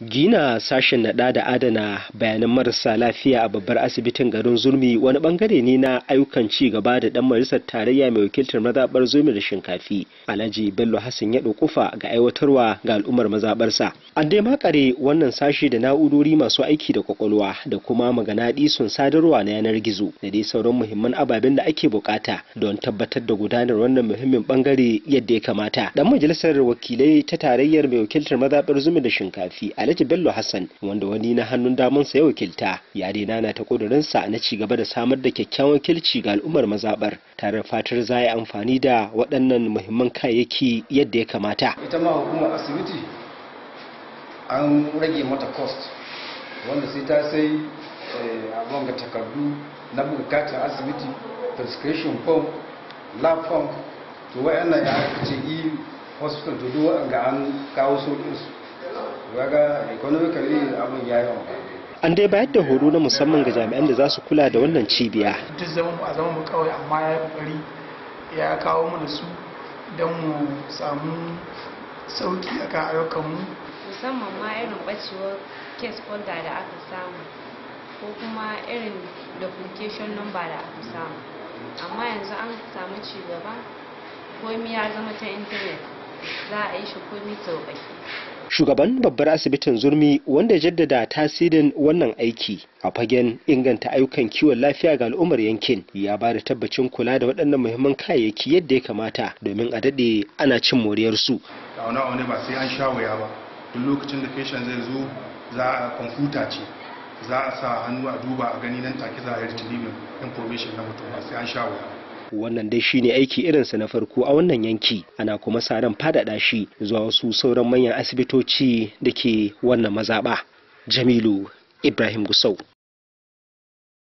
Gina sashen naɗa da adana bayanan marasa lafiya a babbar asibitin garin Zurmi wani bangare ne na ayyukan ci gaba da dan majalisar tarayya mai wakiltar mazabar Zurmi da Shinkafi. Alhaji Bello Hassan ya kufa ga aiwatarwa ga al'ummar mazabarsa. An dai makare wannan sashi da na'urori masu aiki da kwakwalwa da kuma maganaɗi sun sadarwa na yanar gizo da dai sauran muhimman ababen da ake bukata don tabbatar da gudanar wannan muhimmin bangare yadda ya kamata. Dan majalisar wakilai ta tarayyar mai wakiltar mazabar Zurmi da Shinkafi alhaji bello hassan wanda wani na hannun damansa ya wakilta ya daina na ta sa na ci gaba da samar da kyakkyawan kilci ga al'ummar mazabar tare fatar za yi amfani da waɗannan muhimman kayayyaki yadda ya kamata ita ma hukumar asibiti an rage mata cost wanda sai ta sai a eh, banga takardu na bukatar asibiti prescription form lab form to wayannan ya ce hospital to duk ga an kawo su. an dai bayar da horo na musamman ga jami'an da za su kula da wannan cibiya duk zaman a zaman mu kawai amma ya kokari ya kawo mu su don mu samu sauki ayyukanmu musamman ma irin bacewar case folder da aka samu ko kuma irin documentation number da aka samu amma yanzu an samu cigaba komi ya zama ta intanet za a yi shi komi sauƙaƙe shugaban babbar asibitin zurmi wanda jaddada tasirin wannan aiki a fagen inganta ayyukan kiwon lafiya ga al'ummar yankin ya ba da tabbacin kula da waɗannan muhimman kayayyaki yadda ya kamata domin a daɗe ana cin moriyar su ba sai an sha waya ba duk lokacin da feshin zai zo za a kwamfuta ce za a sa hannu a duba a gani nan take za a yi information na mutum ba sai an sha waya wannan dai shine aiki irinsa na farko a wannan yanki ana kuma sa ran fadada shi zuwa wasu sauran manyan asibitoci da ke wannan mazaɓa jamilu ibrahim gusau